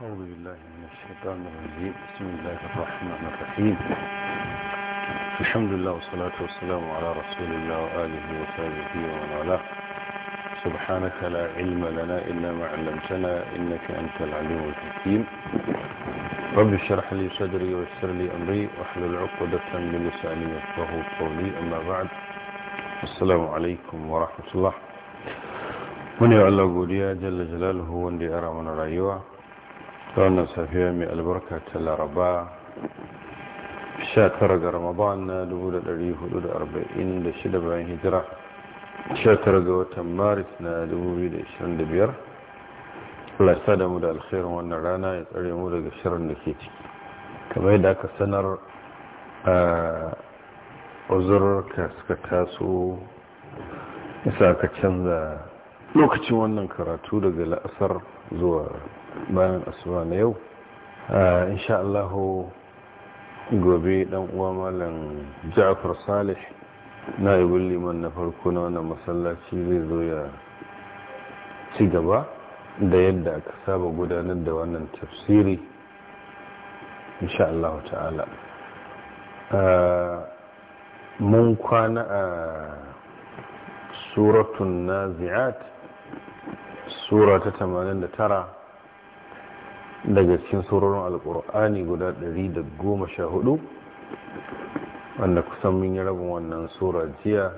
أعوذ بالله من الشيطان الرجيم بسم الله الرحمن الرحيم الحمد لله والصلاة والسلام على رسول الله وآله وصحبه ومن والاه سبحانك لا علم لنا إلا ما علمتنا إنك أنت العليم الحكيم رب اشرح لي صدري ويسر لي أمري واحلل عقدة من لساني يفقهوا قولي أما بعد السلام عليكم ورحمة الله من يعلق لي جل جلاله وندي أرى من رأيوه ta wannan safiya mai albarka ta laraba 19 ga ramadan na 1446 bayan hijira 19 ga watan maris na 2025 lasa da mu da alkhairin wannan rana ya tsare mu daga shirin da ke ciki kamar yadda aka sanar a uzurka suka taso isa ka canza lokacin wannan karatu daga la'asar zuwa bayan asuwa na yau ah, insha allahu gobe dan uwa malam Ja'far Salih na yi liman na farko na wannan masallaci zai zo ya ci gaba da yadda aka saba gudanar da wannan tafsiri insha allahu ta'ala ah, mun kwana a suratun nazi'at sura ta tamanin da tara daga cikin sauraron alkur'ani guda ɗari da goma sha 114 wanda kusan mun yi rabin wannan sura jiya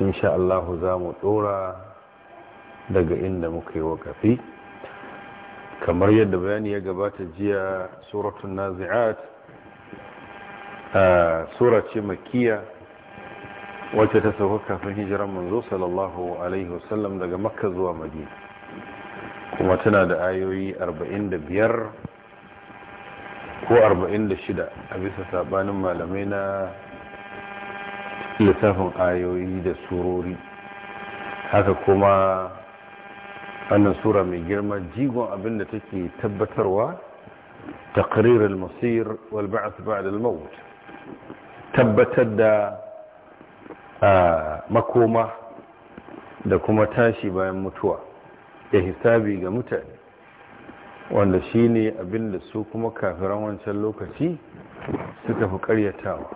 insha Allah za mu dora daga inda muka yi wakafi kamar yadda bayani ya gabata jiya suratun nazi'at sura ce makiya wacce ta sauka kafin hijiran manzo sallallahu alaihi wasallam daga makka zuwa madina kuma tana da ayoyi 45 ko 46 a bisa sabanin malamai na lissafin ayoyi da surori haka kuma annan sura mai girma jigon abin da take tabbatarwa takrirar masir walba'as ba'ad al-maut tabbatar da makoma da kuma tashi bayan mutuwa ya hisabi ga mutane wanda shi ne abinda su kuma kafiran wancan lokaci suka fi karyatawa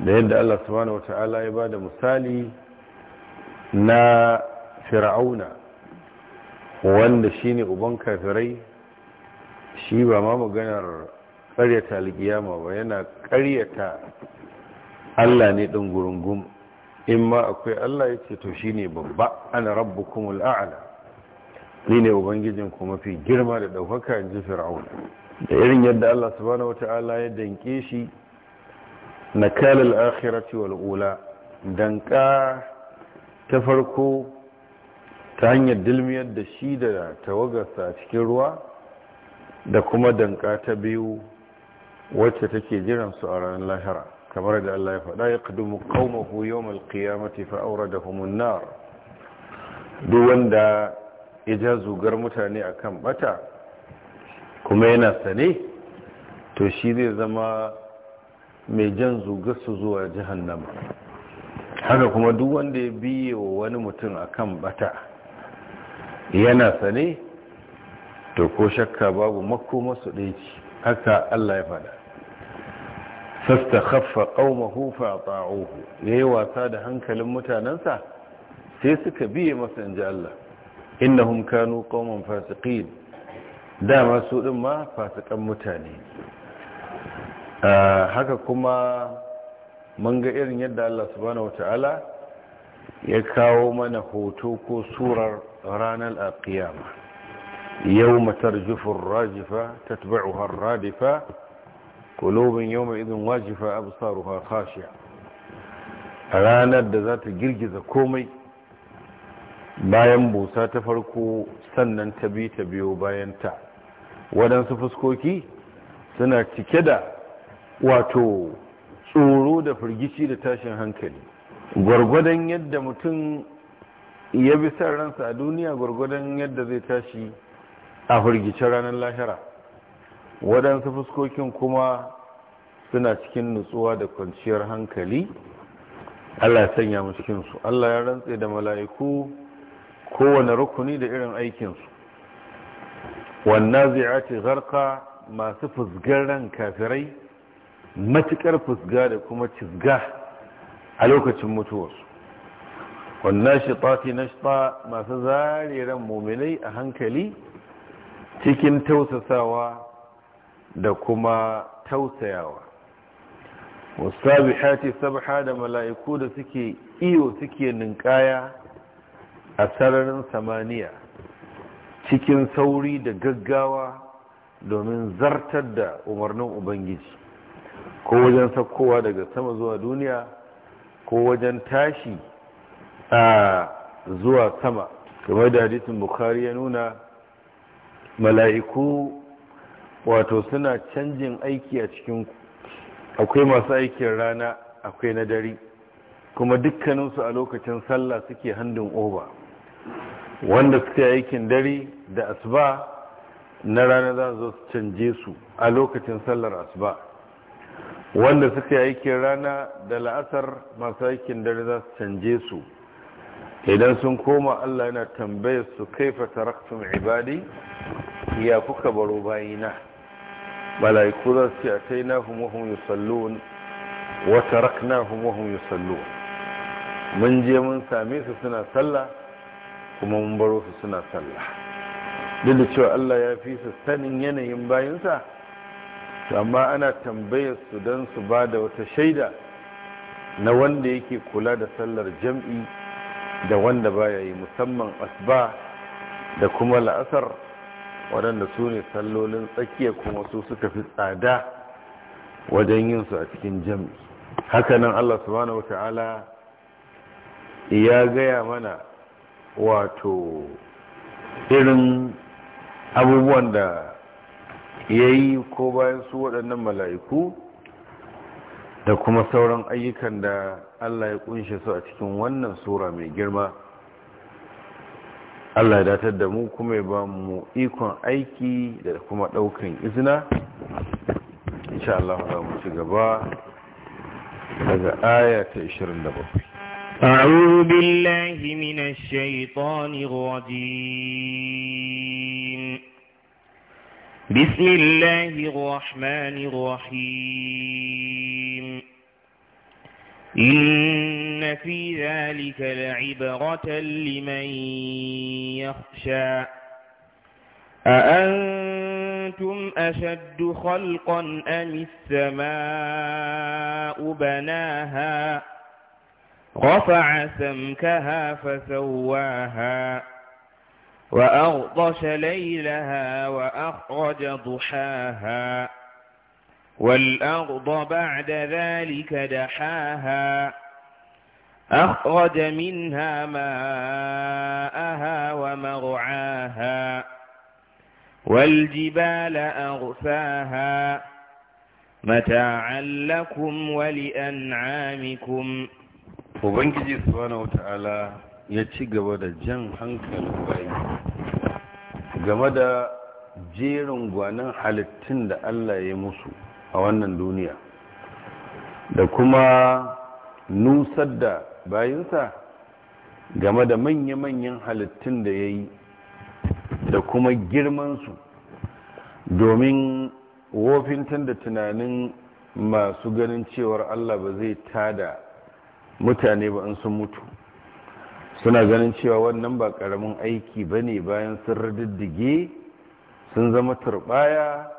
da yadda Allah subhanahu wata'ala ya bada misali na fir'auna wanda shi ne uban kafirai shi ba ma maganar karyata alkiyama ba yana karyata Allah ne ɗin gurungun in ma akwai Allah ya ce to shi ne babba ana rabu kuma la'ala ni ne kuma mafi girma da ɗaukaka in ji fir'auna da irin yadda Allah subhanahu wata'ala ya danke shi na kalal akhirati wal ula danka ta farko ta hanyar dilmiyar da shi da tawagarsa a cikin ruwa da kuma danka ta biyu wacce take jiran su a ranar lahira kamar da Allah ya faɗa ya kadumu qaumahu yawmal qiyamati fa awradahum an-nar duk wanda ya ja zugar mutane akan bata kuma yana sane to shi zai zama mai jan zugar su zuwa nan haka kuma duk wanda ya biye wa wani mutum akan bata yana sane to ko shakka babu makomarsu ɗaya ce haka Allah ya faɗa khaffa qaumahu fa Ya yayi wasa da hankalin mutanansa sai suka biye masa inji Allah innahum kanu qauman fasiqin dama su din ma fasikan mutane haka kuma mun ga irin yadda Allah subhanahu wataala ya kawo mana hoto ko surar ranar alqiyama Yau matar ar-rajifa tatba'uha ar-radifa قلوب abu واجفة أبصارها خاشعة ranar da za ta girgiza komai bayan busa ta farko sannan ta bi ta biyo bayan ta waɗansu fuskoki suna cike da wato tsoro da firgici da tashin hankali gwargwadon yadda mutum ya bi san ransa a duniya gwargwadon yadda zai tashi a firgice ranar lahira waɗansu fuskokin kuma suna cikin nutsuwa da kwanciyar hankali allah ya sanya mu cikinsu allah ya rantse da mala'iku kowane rukuni da irin aikinsu wanna ziyarci garka masu fusgar ran kafirai matuƙar fusga da kuma cizga a lokacin mutuwarsu wannan shiɗafi na shiɗa masu zariran ran muminai a hankali cikin tausasawa da kuma tausayawa hati sabha da mala'iku da suke iyo suke ninkaya a sararin samaniya cikin sauri da gaggawa domin zartar da umarnin ubangiji ko wajen sakkowa daga sama zuwa duniya ko wajen tashi a zuwa sama kamar da hadisin bukari ya nuna mala'iku wato suna canjin aiki a cikinku akwai masu aikin rana akwai na dare kuma dukkaninsu a lokacin sallah suke handin oba wanda suke aikin dare da asuba na rana za su canje su a lokacin sallar asuba wanda suke aikin rana da la'asar masu aikin dare za su canje su idan sun koma Allah yana tambayar su kaifa taraktum ibadi ya kuka baro bayina mala'iku za ce a tai na humuhun yi sallon wata na humuhun yi mun je mun same su suna sallah kuma mun baro su suna sallah duk da cewa Allah ya fi su sanin yanayin bayansa amma ana tambayar su don su ba da wata shaida na wanda yake kula da sallar jam'i da wanda baya yi musamman asba da kuma la'asar waɗanda su ne sallolin tsakiya kuma su suka fi tsada wajen yin su a cikin jami Haka nan, Allah subhanahu wata'ala ya gaya mana wato irin abubuwan da ya yi ko bayan su waɗannan mala'iku da kuma sauran ayyukan da Allah ya kunshe su a cikin wannan sura mai girma Allah ya datar da mu kuma ya ba mu ikon aiki da kuma daukan izina insha Allah za mu ci gaba daga aya ta 27 أعوذ بالله من الشيطان الرجيم بسم الله الرحمن الرحيم إن في ذلك لعبرة لمن يخشى أأنتم أشد خلقا أم السماء بناها رفع سمكها فسواها وأغطش ليلها وأخرج ضحاها والأرض بعد ذلك دحاها أخرج منها ماءها ومرعاها والجبال أغفاها متاعا لكم ولأنعامكم Ubangiji subhanahu wata'ala ya ci gaba da jan hankalin bayi game da jerin gwanin halittun da Allah ya musu a wannan duniya da kuma nusar da bayinsa game da manya-manyan halittun da ya yi da kuma girmansu domin wofintan da tunanin masu ganin cewar Allah ba zai tada mutane ba in sun mutu suna ganin cewa wannan ba ƙaramin aiki ba ne bayan sun radiddige sun zama turbaya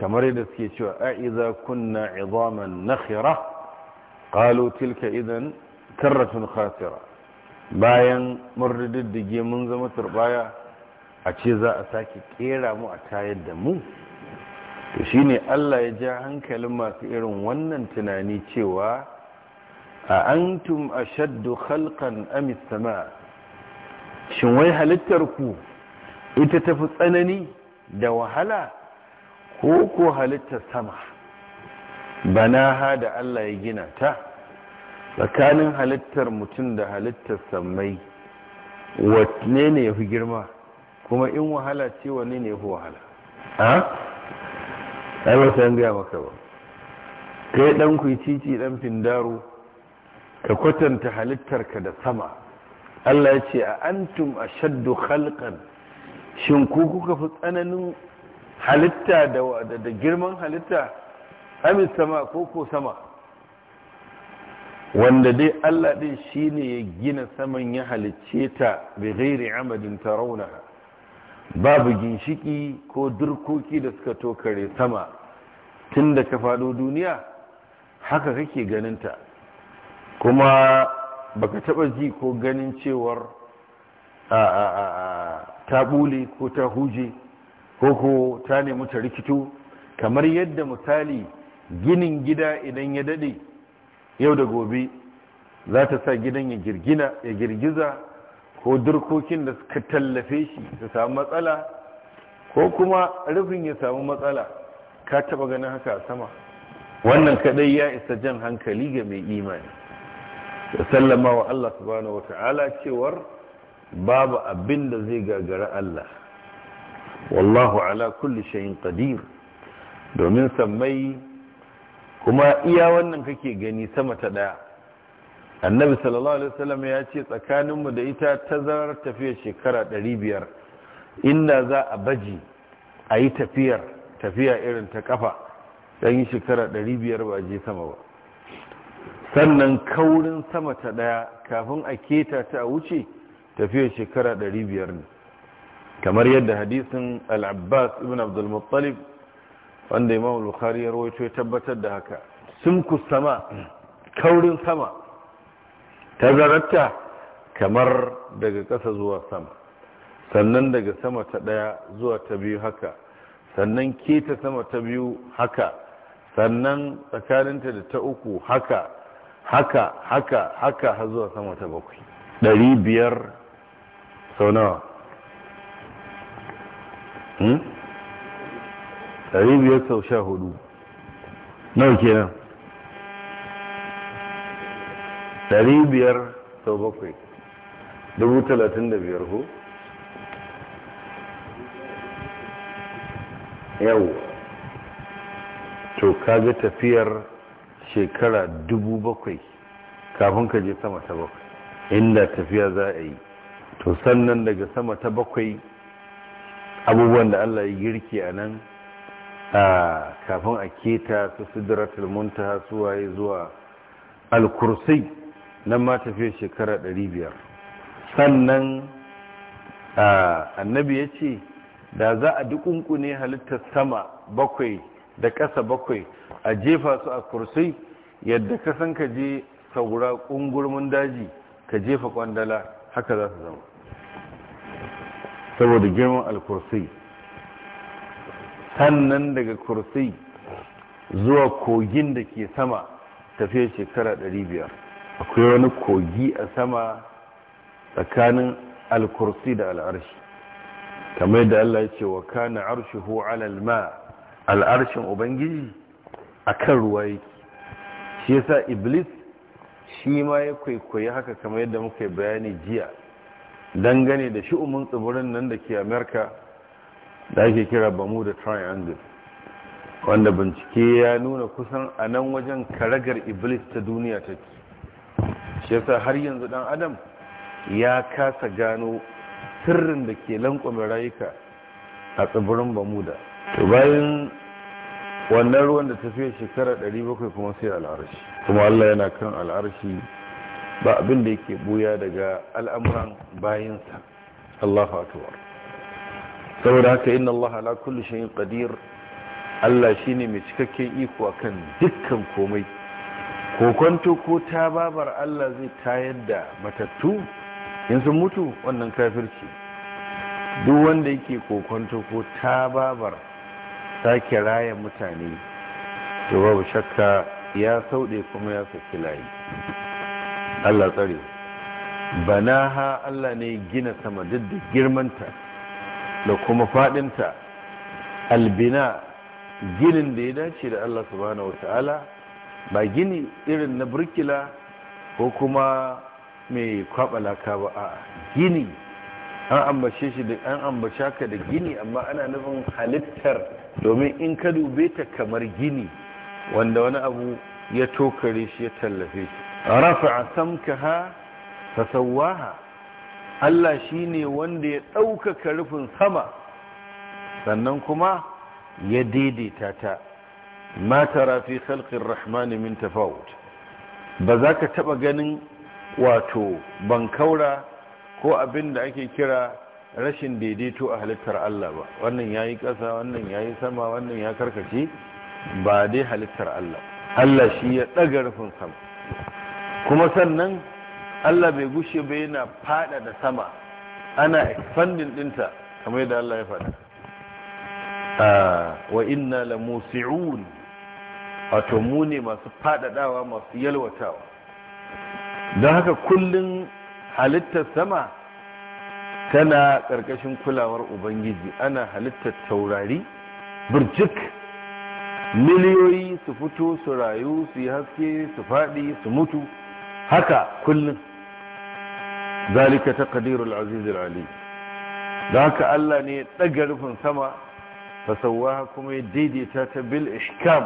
kamar yadda suke cewa a kunna izaman nakhira qalu tilka idan karratun khasira bayan mun riddige mun zama turbaya a ce za a sake kera mu a tayar da mu to shine Allah ya ja hankalin masu irin wannan tunani cewa a antum ashaddu khalqan am as shin wai halittar ku ita tafi tsanani da wahala ko ko halittar sama banaha da Allah ya gina ta tsakanin halittar mutum da halittar samai wanne ne ya fi girma kuma in wahala ce wanne ne ya fi wahala ha? ai ba san gaya maka ba ka yi dan kuicici dan findaro ka kwatanta halittarka da sama Allah ya ce a antum a shaddu shin ku kuka fi tsananin halitta da girman halitta amin sama ko ko sama wanda dai Allah ɗin shi ne ya gina saman ya halicce ta bai gairi amadin tarauna babu ginshiki ko durkoki da suka tokare sama tun da ka faɗo duniya haka kake ganinta kuma baka taɓa ji ko ganin cewar ta ɓule ko ta huje ko ko ta nemi ta rikito kamar yadda misali ginin gida idan ya dade yau da gobe za ta sa gidan ya girgina ya girgiza ko durkokin da suka tallafe shi su samu matsala ko kuma rufin ya samu matsala ka taba ganin haka a sama wannan kadai ya isa jan hankali ga mai imani da sallama wa Allah subhanahu wa ta'ala cewar babu abin da zai gagara Allah wallahu ala kulli shayin qadir domin sammai kuma iya wannan kake gani sama ta daya annabi sallallahu alaihi wasallam ya ce tsakaninmu da ita tazarar tafiyar shekara 500 inda za a baji a yi tafiyar tafiya irin ta kafa dan yi shekara 500 ba je sama ba sannan kaurin sama ta daya kafin a keta ta a wuce tafiyar shekara 500 ne kamar yadda hadisin al'abbas ibn abdulmuttalib wanda imam bukhari ya rawaito ya tabbatar da haka ku sama kaurin sama ta zararta kamar daga ƙasa zuwa sama sannan daga sama ta ɗaya zuwa ta biyu haka sannan keta sama ta biyu haka sannan tsakaninta da ta uku haka haka haka haka har zuwa sama ta bakwai ɗari biyar sau nawa nau hmm? kenan ɗari biyar sau ko yau to kaga tafiyar shekara dubu bakwai kafin ka je sama ta bakwai inda tafiya za a yi to sannan daga sama ta bakwai abubuwan da Allah ya girki a nan kafin a keta su sidratul muntaha waye zuwa al-kursi nan ma tafiya shekara 500 sannan annabi ya ce da za a dukunkune halittar sama bakwai da ƙasa bakwai a jefa su a Kursai, yadda ka san ka je saura ƙungurmin daji ka jefa kwandala haka za su zama saboda girman alkursi sannan daga kursi zuwa kogin da ke sama tafiya shekara ɗari biyar. akwai wani kogi a sama tsakanin alkursi da al'arshi kamar da Allah ya ce wa kana arshihu alal ma al'arshin ubangiji akan ruwa yake shi yasa iblis shi ma ya kwaikwayi haka kamar yadda muka bayani jiya dangane da shi'umin tsibirin nan da ke amerika da ake kira bermuda triangle wanda bincike ya nuna kusan a nan wajen karagar iblis ta duniya ta ke, shi yasa har yanzu dan adam ya kasa gano sirrin da ke lankwame rayuka a tsibirin bermuda to bayan wannan ruwan da tafiye shekara 700 kuma sai al'arshi kuma allah yana kan al'arshi ba abin da yake buya daga al'amuran bayansa Allahu akbar saboda haka inna Allah ala kullu shay'in qadir Allah shine mai cikakken iko akan dukkan komai kwanto ko ta babar Allah zai tayar da matattu in sun mutu wannan kafirci duk wanda yake kwanto ko ta babar sake raya mutane to babu shakka ya sauɗe kuma ya saki layi Allah tsare Ha Allah ne gina sama duk da girmanta da kuma fadinta albina ginin da ya dace da Allah subhanahu wata'ala ba gini irin na burkila ko kuma mai kwabalaka ba a gini an ambace shi da an ambace ka da gini amma ana nufin halittar domin in ka dube ta kamar gini wanda wani abu ya tokare shi ya tallafe shi rafa'a samkaha fasawaha Allah shine wanda ya ɗaukaka rufin sama sannan kuma ya daidaita ta ma tara fi khalqir rahmani min tafawut ba za ka taɓa ganin wato bankaura ko abin da ake kira rashin daidaito a halittar Allah ba wannan ya yi ƙasa wannan ya yi sama wannan ya karkace ba dai halittar Allah Allah shi ya ɗaga rufin sama kuma sannan Allah bai gushe bai yana fada da sama ana expanding dinta kamar yadda Allah ya faɗa ah, wa inna la musi'un wato mu ne masu fadadawa masu yalwatawa don haka kullun halittar sama tana ƙarƙashin kulawar ubangiji ana halittar taurari birjik miliyoyi su fito su rayu su yi haske su faɗi su mutu haka kullum zalika taqdirul azizul Ali. da haka Allah ne ya daga rufin sama fasawa kuma ya daidaita ta bil ishkam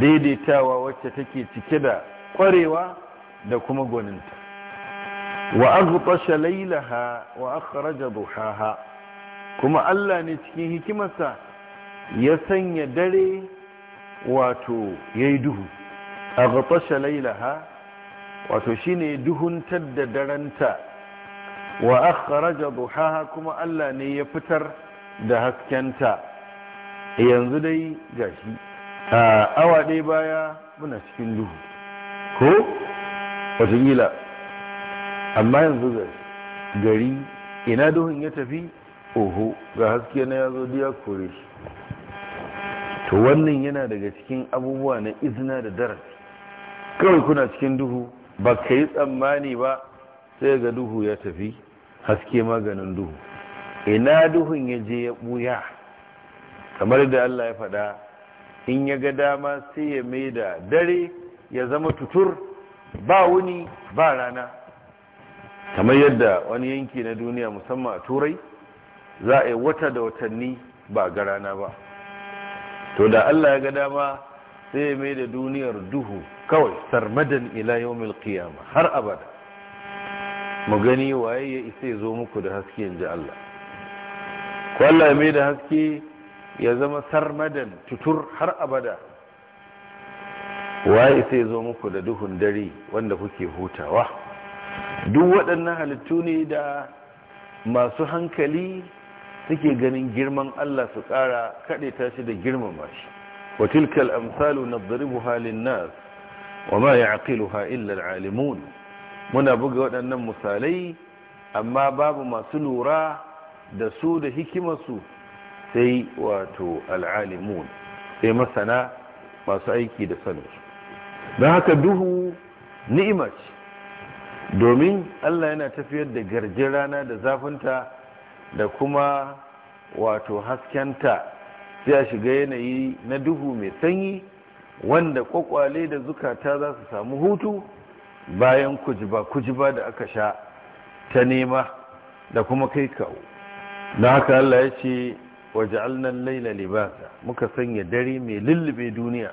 daidaitawa wacce take cike da kwarewa da kuma gwaninta wa aghtasha laylaha wa akhraja duhaha kuma Allah ne cikin hikimarsa ya sanya dare wato yayi duhu aghtasha laylaha wato shine duhuntar da daranta wa akhraja duhaha kuma Allah ne ya fitar da haskenta yanzu dai gashi a awa ɗaya baya muna cikin duhu ko wataƙila amma yanzu gari ina duhun ya tafi oho ga haske na ya zo diya kore shi to wannan yana daga cikin abubuwa na izina da darasi kawai kuna cikin duhu ba ka yi tsammani ba sai ga duhu ya tafi haske maganin duhu ina duhun ya je ya ɓuya kamar da Allah ya faɗa in ya ga dama sai ya mai da dare ya zama tutur ba wuni ba rana kamar yadda wani yanki na duniya musamman a turai za a yi wata da watanni ba ga rana ba to da Allah ya ga dama sai ya mai da duniyar duhu kawai sarmadan ila yawmil qiyama har abada mu gani waye ya isa ya zo muku da haske inji Allah ko Allah mai da haske ya zama sarmadan tutur har abada waye ya zo muku da duhun dare wanda kuke hutawa duk waɗannan halittu ne da masu hankali suke ganin girman Allah su ƙara kaɗe tashi da girmama shi wa tilkal amsalu nadribuha lin nas wa ma ha illa al-alimun muna buga waɗannan misalai amma babu masu lura da su da hikimarsu sai wato al'alimun sai masana masu aiki da saninsu don haka duhu ni'imat domin allah yana tafiyar da garjin rana da zafinta da kuma wato haskenta sai a shiga yanayi na duhu mai sanyi wanda kwakwale da zukata za su samu hutu bayan kujiba kujiba da aka sha ta nema da kuma kai kawo na haka Allah ya ce waja'alnan laila libasa muka sanya dare mai lullube duniya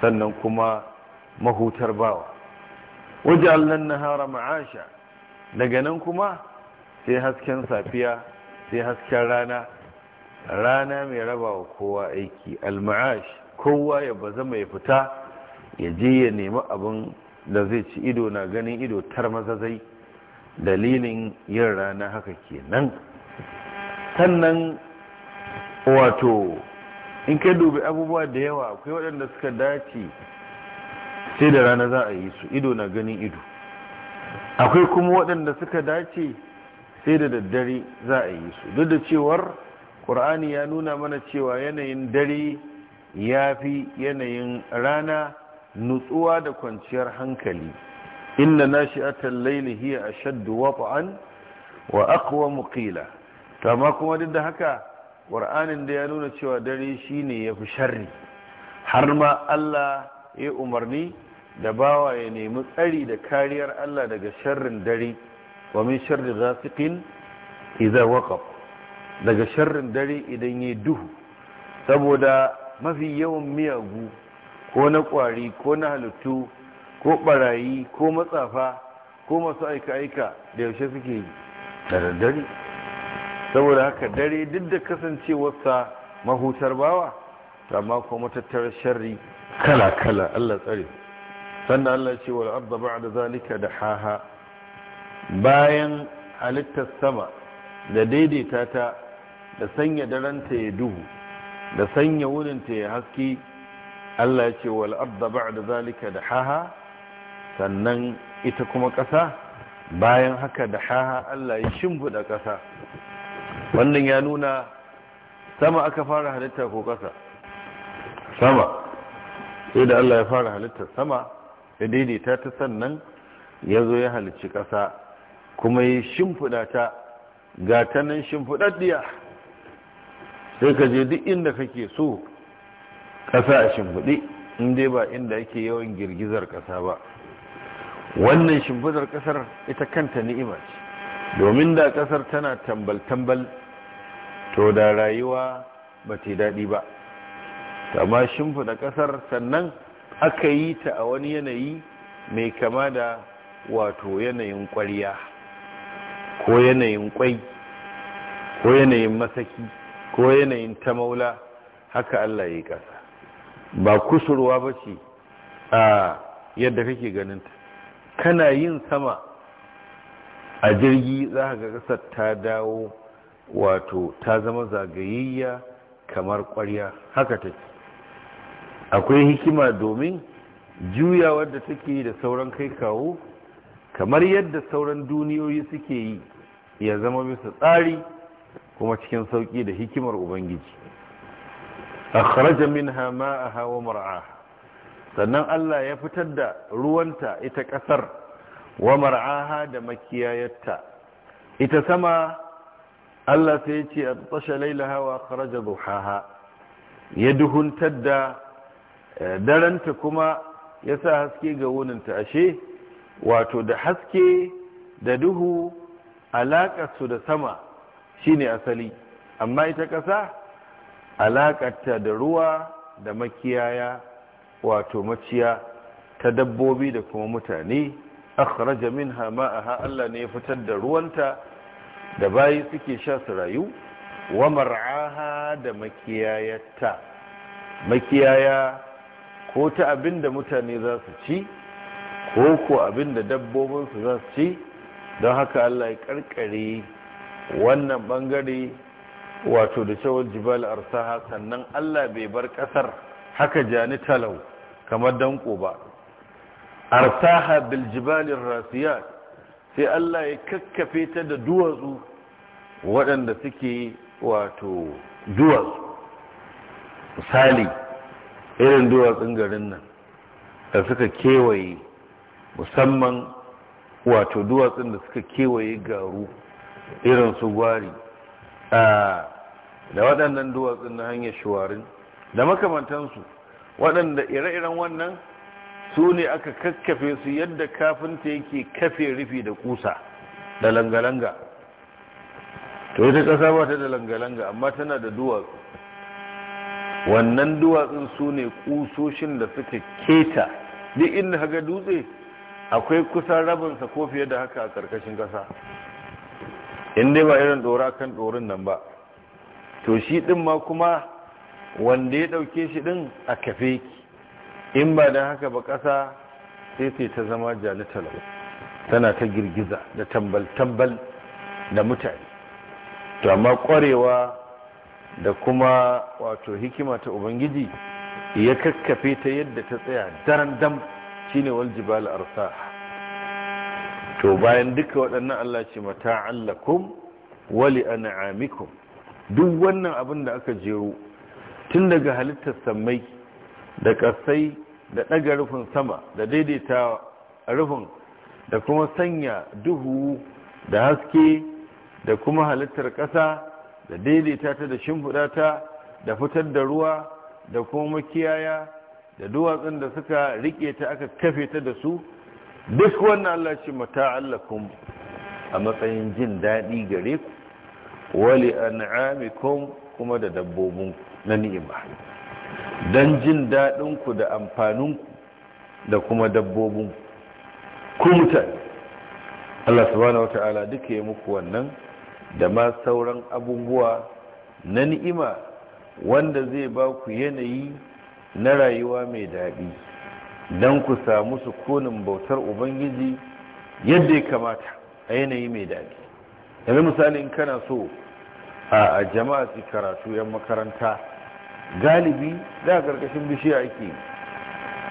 sannan kuma mahutar bawa waja'alnan nahara ma'asha daga nan kuma sai hasken safiya sai hasken rana rana mai rabawa kowa aiki al-ma'ash kowa ya baza mai fita ya je ya nemi abin da zai ci ido na ganin ido tar mazazai dalilin yin rana haka ke kenan sannan wato in kai dubi abubuwa da yawa akwai waɗanda suka dace sai da rana za a yi su ido na ganin ido akwai kuma waɗanda suka dace sai da daddare za a yi su duk da cewar ƙur'ani ya nuna mana cewa yanayin dare ya fi yanayin rana nutsuwa da kwanciyar hankali inna nashi'atal laili hiya ashaddu shaddu wa aqwa muqila kama kuma duk da haka qur'anin da ya nuna cewa dare shine yafi sharri har ma Allah ya umarni da bawa ya nemi tsari da kariyar Allah daga sharrin dare wa min sharri ghasiqin idza waqab daga sharrin dare idan yayi duhu saboda mafi yawan miyagu ko na ƙwari ko na halittu ko ɓarayi ko matsafa ko masu aika-aika da yaushe suke da dare? saboda haka dare duk da kasancewarsa mahutar bawa amma kuma matattar sharri kala-kala Allah tsare sannan Allah ce wal arda da zalika da haha bayan halittar sama da daidaita ta da sanya daranta ya duhu da sanya wurin ta ya haske Allah ya ce wal arda ba'da zalika da haha sannan ita kuma ƙasa bayan haka da haha Allah ya shimfida ƙasa wannan ya nuna sama aka fara halitta ko ƙasa sama sai da Allah ya fara halitta sama da daidaita ta sannan ya zo ya halicci ƙasa kuma ya shimfuda ta ga ta nan shimfiɗaɗɗiya sai ka je duk inda kake so ƙasa a shimfiɗe inda ba inda ake yawan girgizar ƙasa ba wannan shimfiɗar ƙasar ita kanta ni'ima ce domin da ƙasar tana tambal-tambal to da rayuwa ba ta daɗi ba amma shimfiɗa ƙasar sannan aka yi ta a wani yanayi mai kama da wato yanayin ƙwariya ko yanayin ƙwai ko yanayin masaki ko yanayin ta maula haka Allah ya yi ƙasa ba kusurwa ba ce a yadda kake ganinta kana yin sama a jirgi za ga ƙasar ta dawo wato ta zama zagayayya kamar ƙwarya haka take akwai hikima domin juyawar da take yi da sauran kai kawo kamar yadda sauran duniyoyi suke yi ya zama bisa tsari kuma cikin sauƙi da hikimar ubangiji akhraja minha ma'aha wa mar'aha sannan Allah ya fitar da ruwanta ita ƙasar wa mar'aha da makiyayarta ita sama Allah sai ya ce a tsashe lailaha wa akhraja duhaha ya duhuntar da eh, daranta kuma ya sa haske ga wuninta ashe wato da haske da duhu su da sama shine asali amma ita ƙasa alaƙarta da ruwa da makiyaya wato maciya ta dabbobi da kuma mutane akhraja minha ma'aha Allah ne ya fitar da ruwanta da bayi suke sha su rayu wa mar'aha da makiyayata makiyaya ko ta abinda mutane za su ci ko ko abinda da dabbobinsu za su ci don haka Allah ya karkare wannan bangare wato da cewar jibal arsaha sannan Allah bai bar kasar haka jani talau kamar danko ba arsaha bil jibalin sai Allah ya kakkafe ta da duwatsu waɗanda suke wato duwatsu misali irin duwatsun garin nan da suka kewaye musamman wato duwatsun da suka kewaye garu irin su gwari da waɗannan duwatsun na hanyar shuwarin da makamantansu waɗanda ire-iren wannan su ne aka kakkafe su yadda kafinta yake kafe rufi da kusa da langalanga to ita ƙasa ba ta da langalanga amma tana da duwatsu wannan duwatsun su ne ƙusoshin da suka keta duk inda haga dutse akwai kusan rabinsa ko fiye da haka a ƙarƙashin ƙasa in dai ba irin dora kan dorin nan ba to shi din ma kuma wanda ya dauke shi din a kafe in ba da haka ba kasa sai sai ta zama jalital tana ta girgiza da tambal-tambal da mutane to amma kwarewa da kuma wato hikima ta ubangiji ya kakkafe ta yadda ta tsaya daren dam shine wal jibal arsa to bayan duka waɗannan Allah ce allakum wali an'amikum duk wannan abin da aka jeru tun daga halittar sammai da ƙasai da ɗaga rufin sama da daidaita rufin da kuma sanya duhu da haske da kuma halittar ƙasa da daidaita ta da shimfudata, da fitar da ruwa da kuma makiyaya da duwatsun da suka riƙe ta aka kafe ta da su duk wannan Allah ce mata'allakum a matsayin jin daɗi gare ku wali an'amikum kuma da dabbobin na ni'ima don jin daɗinku da amfaninku da kuma dabbobin ku Allah subhanahu wata'ala duka yi muku wannan da ma sauran abubuwa na ni'ima wanda zai ba ku yanayi na rayuwa mai daɗi don ku samu sukunin bautar ubangiji yadda ya kamata a yanayi mai daɗi yanzu misali in kana so a jama'a su karatu yan makaranta galibi za a ƙarƙashin bishiya ake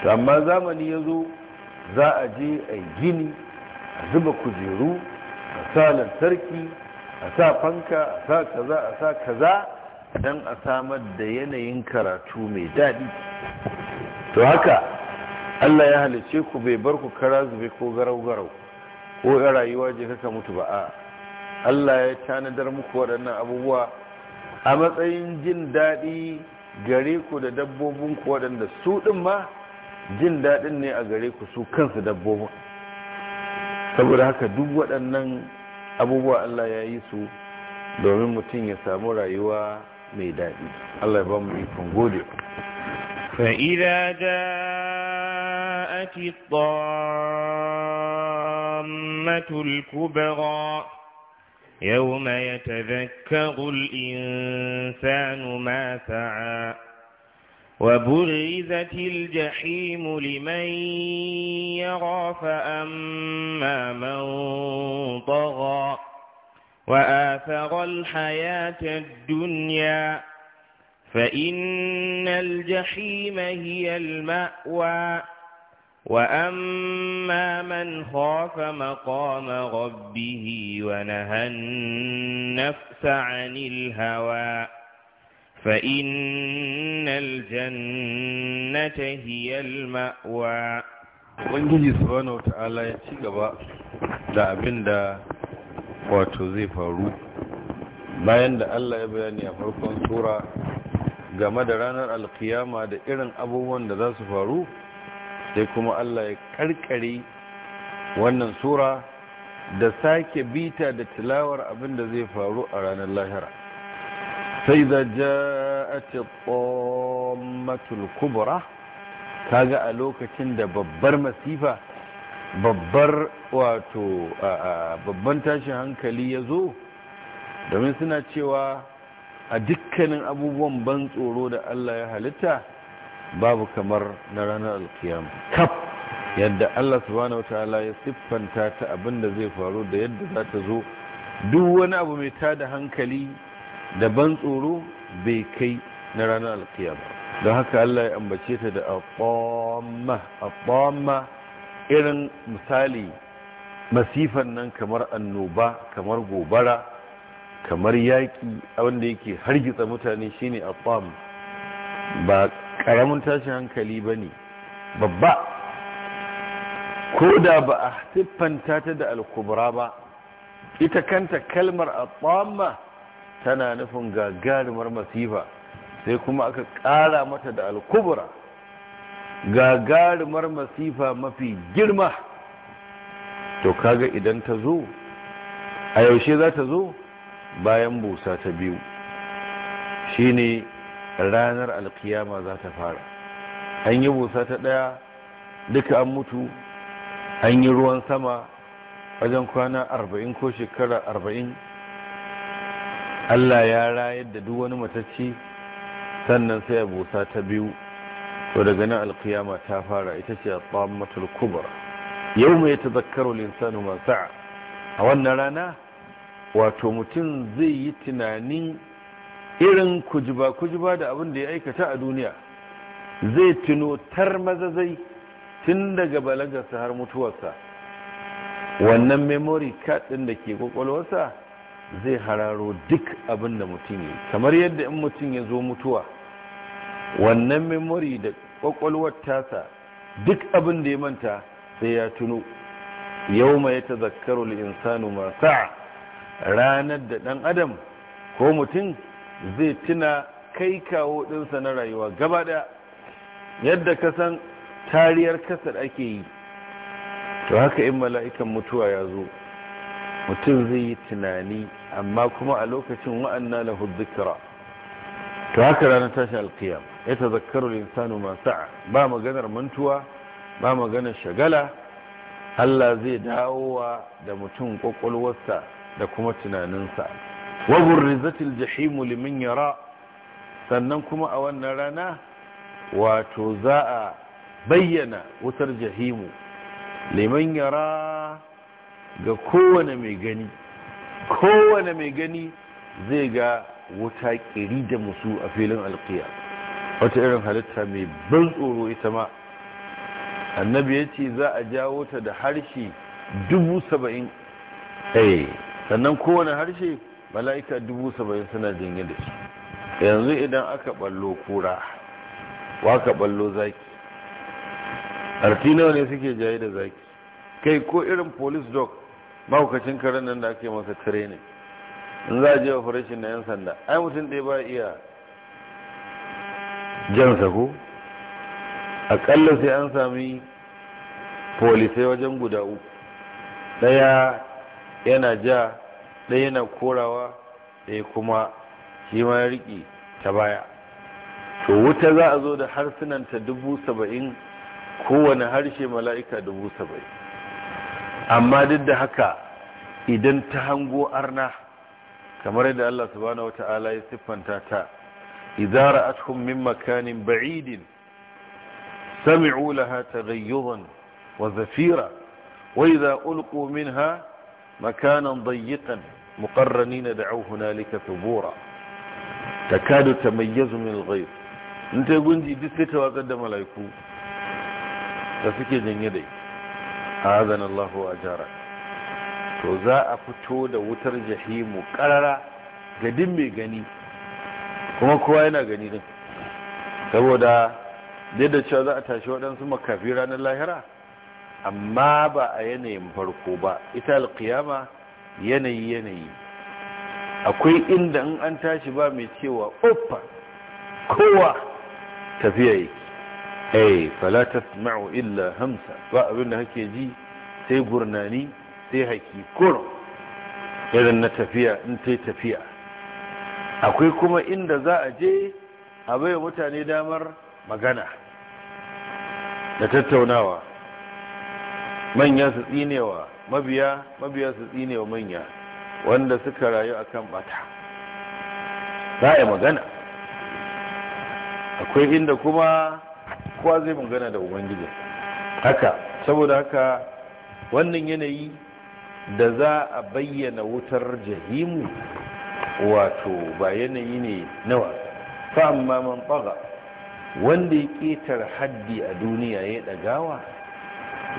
to amma zamani ya zo za a je a gini a zuba kujeru a sa lantarki a sa fanka a sa kaza a sa kaza don a samar da yanayin karatu mai daɗi to haka Allah ya halice ku bai bar ku kara zube ko garau-garau ko ya rayuwa je kaka mutu ba a Allah ya tanadar muku waɗannan abubuwa a matsayin jin daɗi gare ku da dabbobin ku waɗanda su ɗin ma jin daɗin ne a gare ku su kansu dabbobin saboda haka duk waɗannan abubuwa Allah ya yi su domin mutum ya samu rayuwa mai daɗi Allah ya ba mu ikon gode Fa'ida وقعت الطامة الكبرى يوم يتذكر الإنسان ما سعى وبرزت الجحيم لمن يرى فأما من طغى وآثر الحياة الدنيا فإن الجحيم هي المأوى وأما من خاف مقام ربه ونهى النفس عن الهوى فإن الجنة هي المأوى Ubangiji subhanahu wa ta'ala ya ci gaba da abin da wato zai faru bayan da Allah ya bayani a farkon tura game da ranar alkiyama da irin abubuwan da za su faru sai kuma Allah ya karkare wannan sura da sake bita da tilawar abin da zai faru a ranar lahira sai da ja'ati qammatul kubra ga a lokacin da babbar masifa babbar wato babban tashin hankali ya zo domin suna cewa a dukkanin abubuwan ban tsoro da Allah ya halitta babu kamar na ranar alkiyama kaf yadda Allah subhanahu wataala ya siffanta ta abinda zai faru da yadda za ta zo duk wani abu mai tada hankali da ban tsoro bai kai na ranar alkiyama don haka Allah ya ambace ta da aɓamma irin misali masifan nan kamar annoba kamar gobara kamar yaƙi wanda yake hargitsa mutane shine a ba karamin tashin hankali ba ne babba ko da ba a siffanta ta da alkubra ba ita kanta kalmar al tana nufin gagarumar masifa sai kuma aka ƙara mata da alkubra gagarumar masifa mafi girma to kaga idan ta zo a yaushe za ta zo bayan busa ta biyu shine ranar alkiyama za ta fara an yi busa ta ɗaya duka an mutu an yi ruwan sama wajen kwana arba'in ko shekara arba'in allah ya rayar da duk wani matacci sannan sai a busa ta biyu to daga nan alkiyama ta fara ita ce a tsammatul kubra yau mai ta zakaru linsanu masu a wannan rana wato mutum zai yi tunanin irin kujiba kujiba da abin da ya aikata a duniya zai tuno tar mazazai tun daga balagarsa har mutuwarsa wannan memory card din da ke kwakwalwarsa zai hararo duk abin da mutum yi kamar yadda in mutum ya zo mutuwa wannan memory da kwakwalwar tasa duk abin da ya manta sai ya tuno yau mai ta tazakkaru insanu masa, ranar da ɗan adam ko mutum zai tuna kai kawo ɗinsa na rayuwa gaba ɗaya yadda ka san tariyar kasar ake yi to haka in mala'ikan mutuwa ya zo mutum zai yi tunani amma kuma a lokacin wa'anna lahu zikira to haka ranar tashi alkiyam ya tazakkaru insanu ma sa'a ba maganar mantuwa ba maganar shagala Allah zai dawowa da mutum ƙwaƙwalwarsa da kuma tunaninsa wa jahimu liman yara sannan kuma a wannan rana wato za a bayyana wutar jahimu liman yara ga kowane mai gani kowane mai gani zai ga wuta kiri da musu a filin alkiya wata irin halitta mai ban tsoro ita ma annabi ya ce za a jawo ta da harshe dubu saba'in eh, sannan kowane harshe mala'ika dubu saba'in suna jinye da shi yanzu idan aka ballo kura waka ballo zaki arti nawa ne suke jaye da zaki kai ko irin police dog mahaukacin karen nan da ake masa training in za a je farashin na 'yan sanda ai mutum ɗaya ba iya jansa ko aƙalla sai an sami polisai wajen guda uku ɗaya yana ja ɗaya yana korawa ɗaya kuma shi ma riƙe ta baya to wuta za a zo da harsunanta dubu saba'in kowane harshe mala'ika dubu saba'in amma duk da haka idan ta hango arna kamar yadda Allah subhanahu wata'ala ya siffanta ta idza ra'atuhum min makanin ba'idin sami'u laha taghayyuban wa zafira wa idza ulqu minha makanan dayyiqan muqarranina da'u hunalika thubura takadu tamayyazu min al-ghayb in ta gunji duk sai ta watsar da malaiku da suke janye dai azan Allah wa ajara to za a fito da wutar jahimu karara ga din gani kuma kowa yana gani din saboda da cewa za a tashi waɗansu makafi ranar lahira amma ba a yanayin farko ba ita alkiyama yanayi yanayi akwai inda in an tashi ba mai cewa ofa kowa tafiya yi eh fala ma'u illa hamsa ba abinda hake ji sai gurnani sai haki kuro irin na tafiya in tai tafiya akwai kuma inda za a je a baiwa mutane damar magana da tattaunawa manya su tsinewa mabiya mabiya su tsine wa manya wanda suka rayu a kan bata za a yi magana akwai inda kuma kowa zai magana da ubangiji haka saboda haka wannan yanayi da za a bayyana wutar jahimu wato ba yanayi ne nawa fa'amma man tsaga wanda ya ƙetar haddi a duniya ya ɗagawa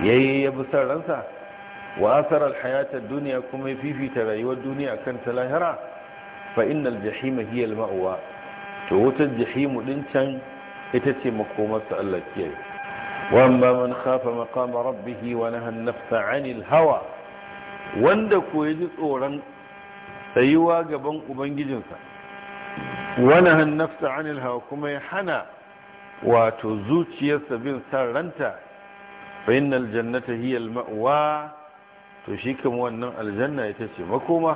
ya yi ya bi son ransa wa asar alhayatar duniya kuma fifita rayuwar duniya kan ta lahira fa innal jahima hiya al-ma'wa to wutar jahimu din can ita ce makomarsa Allah kiyaye wa amma man khafa maqama rabbih wa naha an-nafsa 'anil hawa wanda ko yaji tsoron tsayuwa gaban ubangijinsa wa naha an-nafsa 'anil hawa kuma ya hana wato zuciyarsa bin san ranta fa innal jannata hiya ma'uwa. to shi kama wannan aljanna ita ce makoma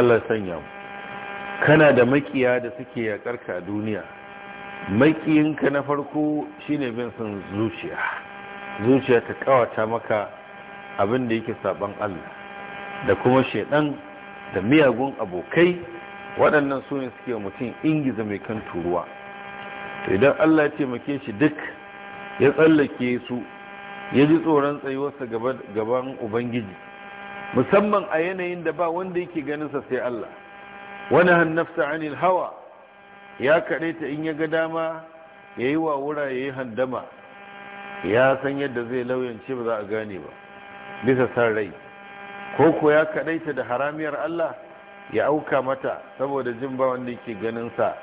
Allah sanya mu kana da makiya da suke yakarka a duniya makiyinka na farko shine bin son zuciya zuciya ta kawata maka abin da yake saban Allah da kuma shedan da miyagun abokai waɗannan su ne suke mutum ingiza mai kan turuwa idan Allah ya taimake shi duk ya tsallake su ya ji tsoron tsayuwarsa gaban ubangiji musamman a yanayin da ba wanda yake ganinsa sai Allah wani hannafta anil hawa ya kaɗe ta in ya ga dama ya yi wa wura ya yi handama ya san yadda zai lauyance ba za a gane ba bisa san rai ko ko ya kaɗaita ta da haramiyar Allah ya auka mata saboda jin ba wanda yake ganinsa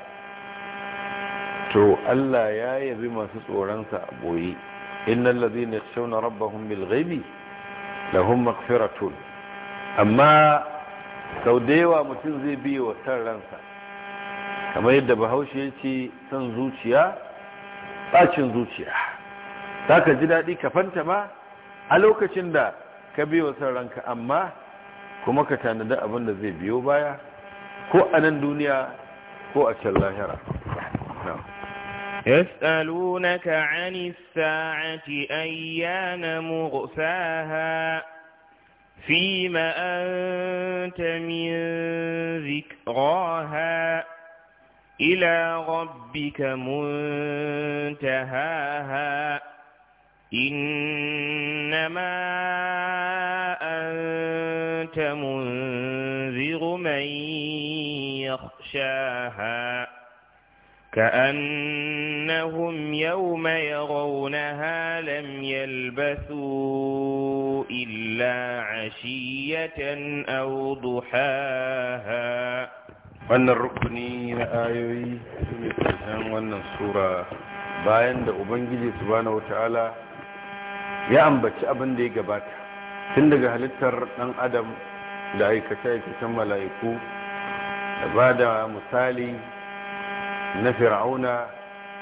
to Allah ya yabi masu tsoronsa a boye إن الذين يخشون ربهم بالغيب لهم مغفرة أما sau da yawa mutum zai biya wa san ransa yadda bahaushe ya ce san zuciya ɓacin zuciya ta ka ji daɗi kafanta fanta ma a lokacin da ka biya wa san ranka amma kuma ka tanada abin da zai biyo baya ko a nan duniya ko a can lahira يسألونك عن الساعة أيان مغفاها فيما أنت من ذكراها إلى ربك منتهاها إنما أنت منذر من يخشاها كأنهم يوم يرونها لم يلبثوا إلا عشية أو ضحاها wannan rukuni na ayoyi su ne wannan sura bayan da ubangiji subhanahu wata'ala ya ambaci abin da ya gabata tun daga halittar ɗan adam da aikace-aikacen mala'iku da ba da misali na fir'auna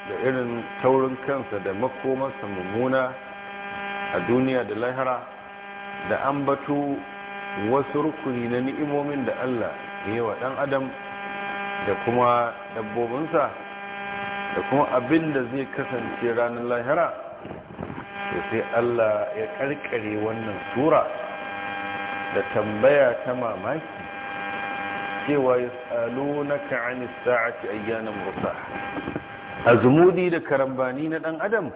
da irin taurin kansa da makomarsa mummuna a duniya da lahara, da an batu wasu rukuni na ni'imomin da allah ya wa dan adam da kuma dabbobinsa da kuma abin da zai kasance ranar lahira sai allah ya karkare wannan tura da tambaya ta mamaki cewa ya tsalo na ka'ani sa'ati ayyanan mursa azumudi da karambani na ɗan adam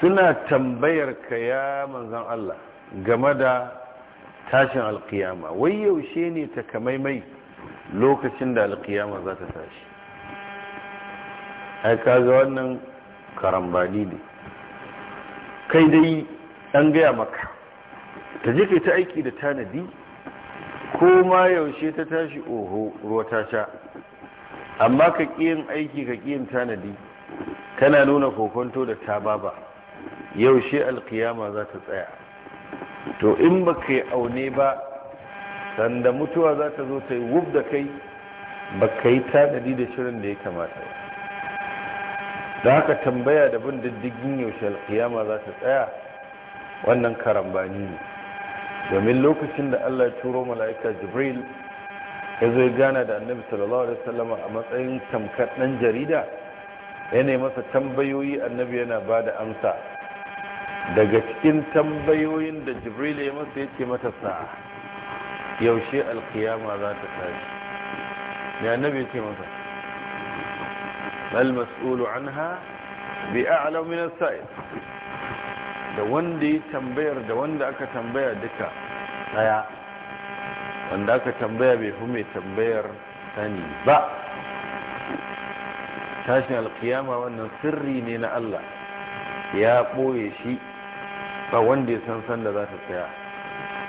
suna tambayar ka ya manzan Allah game da tashin alkiyama wai yaushe ne ta kamaimai lokacin da alkiyama za ta tashi ai ga wannan karambani ne kai dai an gaya maka ta je yi ta aiki da tanadi ko ma yaushe ta tashi oho ruwa ta sha amma ka ƙiyin aiki ka ƙiyin tanadi kana nuna kokonto da tababa yaushe alkiyama za ta tsaya to in ba ka yi aune ba sanda mutuwa za ta zo ta yi wub da kai ba ka yi tanadi da shirin da ya kamata da haka tambaya da bin diddigin yaushe alkiyama za ta tsaya wannan karambani ne domin lokacin da Allah turo mala'ika Jibril ya zo ya gana da annabi sallallahu alaihi wasallama a matsayin tamkar dan jarida ya ne masa tambayoyi annabi yana ba da amsa daga cikin tambayoyin da Jibril ya masa yake mata sa'a yaushe alkiyama za ta tashi ne annabi yake masa mal mas'ulu anha bi a'lamu min as-sa'il da wanda ya tambayar da wanda aka tambaya duka daya wanda aka tambaya bai fi mai tambayar sani ba tashin alkiyama wannan sirri ne na Allah ya ɓoye shi ba wanda ya san sanda za ta tsaya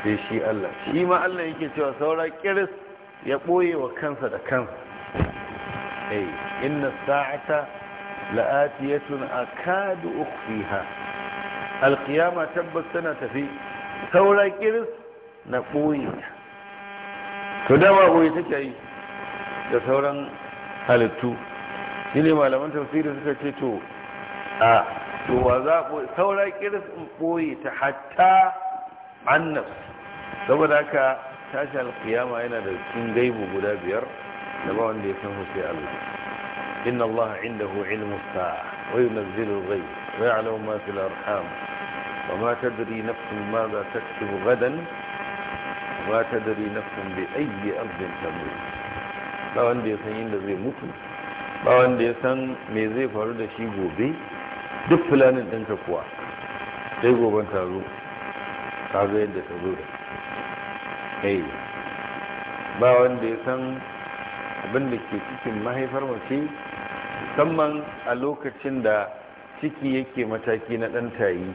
sai shi Allah shi ma Allah yake cewa saura kiris ya ɓoye wa kansa da kansa eh, inna sa'ata la'atiyatun akadu ukhfiha alkiyama tabbas tana tafi saura kiris na ɓoye to dama ɓoye take yi da sauran halittu shi ne malaman tafsiri suka ce to a to wa za a saura kiris in ɓoye ta hatta annas saboda haka tashi alkiyama yana da cikin gaibu guda biyar da ba wanda ya san sai Allah inna Allah inda hu sa'a wa yi al-ghayb ويعلم ما في الأرحام وما تدري نفس ماذا تكسب غدا وما تدري نفس بأي أرض تموت ba wanda ya san yadda zai mutu ba wanda ya san me zai faru da shi gobe duk fulanin ɗinka kuwa sai goben zo ka zo yadda ta zo da kai ba wanda ya san abin da ke cikin mahaifar mace musamman a lokacin da ciki yake mataki na ɗan tayi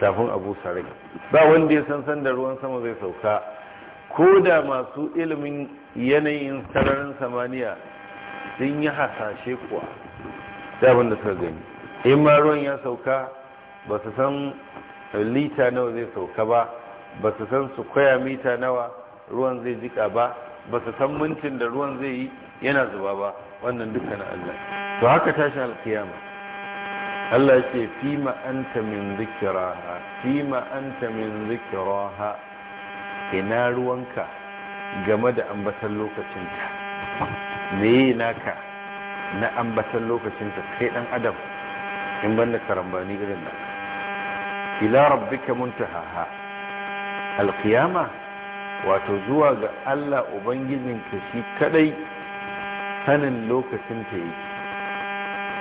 kafin Abu Sarai. ba wanda ya san sanda ruwan sama zai sauka ko da masu ilimin yanayin sararin samaniya sun yi hasashe kuwa Da wanda suka gani in ma ruwan ya sauka ba su san lita nawa zai sauka ba ba su san su kwaya mita nawa ruwan zai jika ba ba su san mintin da ruwan zai yi yana zuba ba wannan dukkanin allah to haka tashin alkiyama Allah ce fi ma'anta min ha fi ma'anta min ha ina ruwanka game da ambatan lokacinta me naka na ambatan lokacinta kai ɗan adam in banda karambani irin nan ila rabbika muntahaha alqiyama wato zuwa ga Allah ka shi kadai sanin lokacin ta yake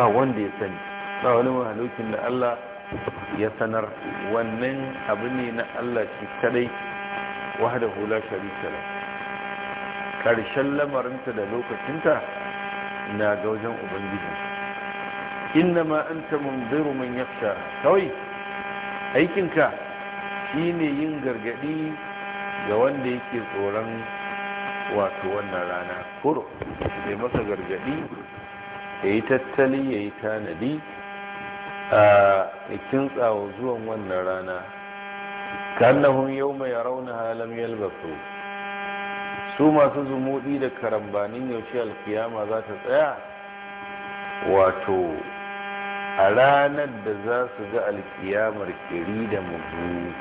a wanda ya sani ba wani mahalukin da Allah ya sanar wannan abu ne na Allah shi kadai wahada hula sharika karshen lamarinta da lokacinta na ga wajen ubangiji inna ma anta munziru man yakhsha kawai aikinka shi ne yin gargadi ga wanda yake tsoron wato wannan rana kuro sai masa gargadi ya yi tattali ya yi tanadi a kintsawa zuwan wannan rana yau mai rauna halam yalbasu su masu zumudi da karambanin yaushe alkiyama za ta tsaya wato a ranar da za su ga alkiyamar kiri da muzu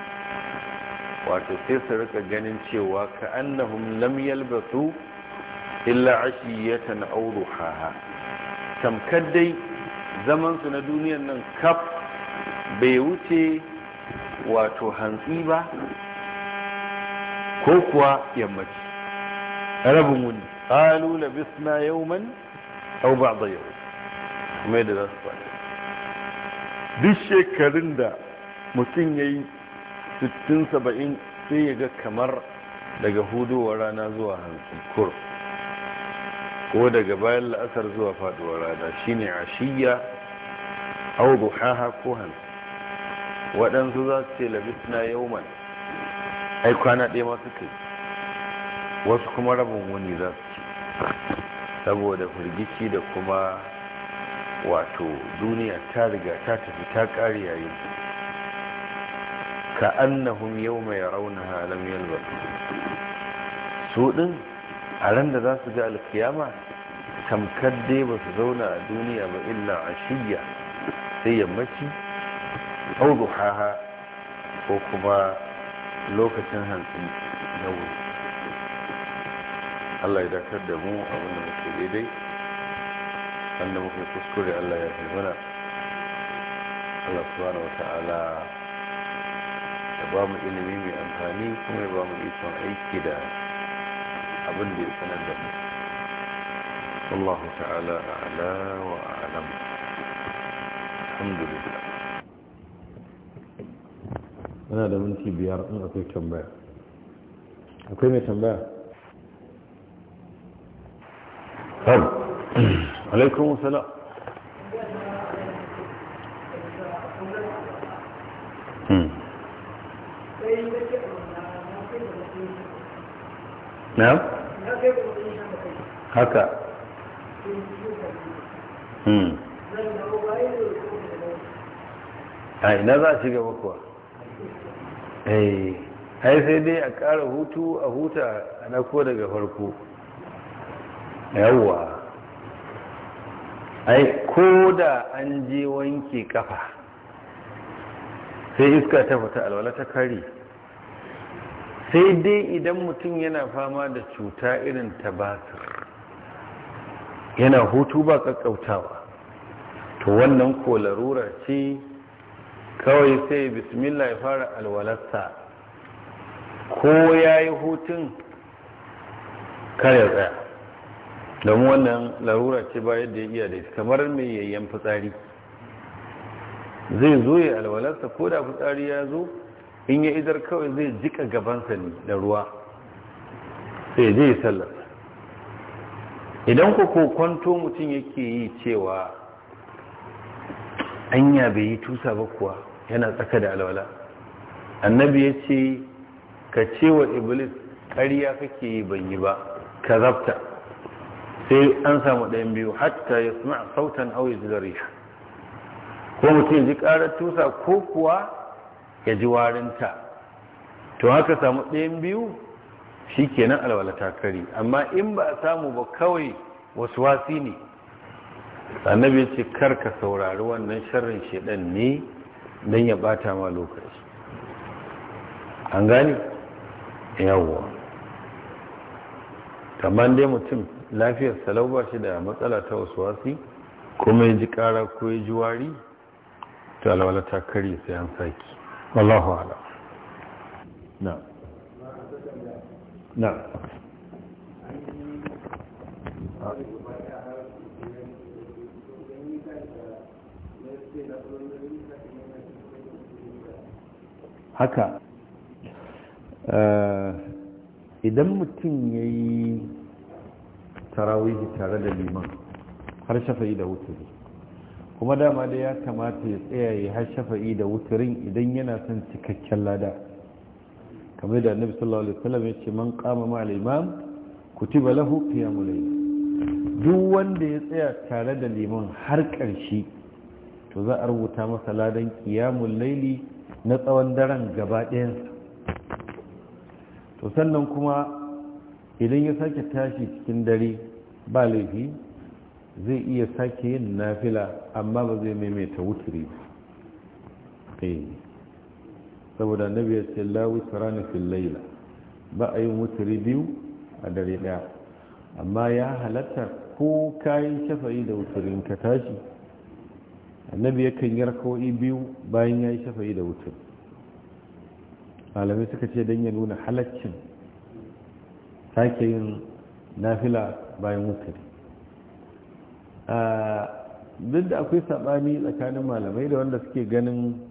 wato sai su rika ganin cewa ka annahum lam yalbasu illa ashiyatan aw ruhaha tamkar dai Zaman su na duniyan nan kaf bai wuce wato hantsi ba ko kuwa yammaci rabin wuni qalu labisna yawman ba da yau kuma yadda za su faɗi duk shekarun da mutum ya yi sittin saba'in sai ya ga kamar daga hudowar rana zuwa hantsi kurum ko daga bayan la'asar zuwa faduwar rana shine ashiya au duhaha ko han waɗansu za su ce labisna yauman ai kwana ɗaya ma suka wasu kuma rabin wuni za su ce saboda firgici da kuma wato duniya ta riga ta tafi ta ƙari yayin ka annahum yau mai rauna halin yalba su ɗin a ran da za su ga alkiyama tamkar dai ba su zauna a duniya ba illa a shirya sai yammaci au haha. ko kuma lokacin hantsi na wuri Allah ya dakar da mu abin da muke daidai wanda muke kuskure Allah ya fi mana Allah wa ta'ala ya ba mu ilimi mai amfani kuma ya ba mu ikon aiki da أظن يتنزل الله تعالى أعلى وأعلم الحمد لله أنا لم أنتي بيار أن أكل تنباء أكل ما تنباء طب عليكم السلام نعم haka hmm. a ina za a ci gaba kuwa eh, ai sai dai a ƙara hutu a huta na ko daga farko yawwa ai ko da an je wanke kafa sai iska ta fita alwala ta kari. sai dai idan mutum yana fama da cuta irin tabasir yana hutu ba kakkautawa to wannan ko larura ce kawai sai bismillah ya fara alwalarsa ko ya yi hutun kare tsaya don wannan larura ce ba yadda ya iya da ita kamar mai yayyan fitsari zai zo ya alwalarsa ko da fitsari ya zo in ya idar kawai zai jika gabansa ne da ruwa sai zai sallar idan ku kwanto mutum yake yi cewa anya bai yi tusa ba kuwa yana tsaka da alwala annabi ya ce ka ce wa iblis ƙarya kake yi ban yi ba ka zafta sai an samu ɗayan biyu hatta ya suna sautan auyi zariya ko mutum ji ƙarar tusa ko kuwa ya ji warinta to haka samu ɗayan biyu shi kenan alwala ta kari amma in ba a samu ba kawai wasu wasi ne annabi ce karka saurari wannan sharrin shaidan ne don ya bata ma lokaci an gani yawo. kamar dai mutum lafiyar salau ba shi da matsala ta wasu wasi kuma ya ji kara ko ya ji wari ta alwala ta kari sai an saki wallahu ala no. na haka idan mutum ya yi tarawihi tare da liman har shafa'i da wuturi kuma dama da ya kamata ya tsaya ya har shafa'i da wuturin idan yana son cikakken lada kamar da annabi sallallahu alaihi wasallam ya ce man qama ma al-imam kutiba lahu qiyamul layl duk wanda ya tsaya tare da liman har ƙarshe to za a rubuta masa ladan qiyam layli na tsawon daren gaba ɗayan to sannan kuma idan ya sake tashi cikin dare ba laifi zai iya sake yin nafila amma ba zai maimaita wuturi ba eh. saboda annabi ya ce la ni fil layla ba a yin wutri biyu a dare daya amma ya halatta ko kayan shafa'i da wutrin ka tashi annabi yakan yi rakawai biyu bayan ya yi shafa'i da wutri malamai suka ce don ya nuna halaccin sake yin nafila bayan wutri ah, duk da akwai saɓani tsakanin malamai da wanda suke ganin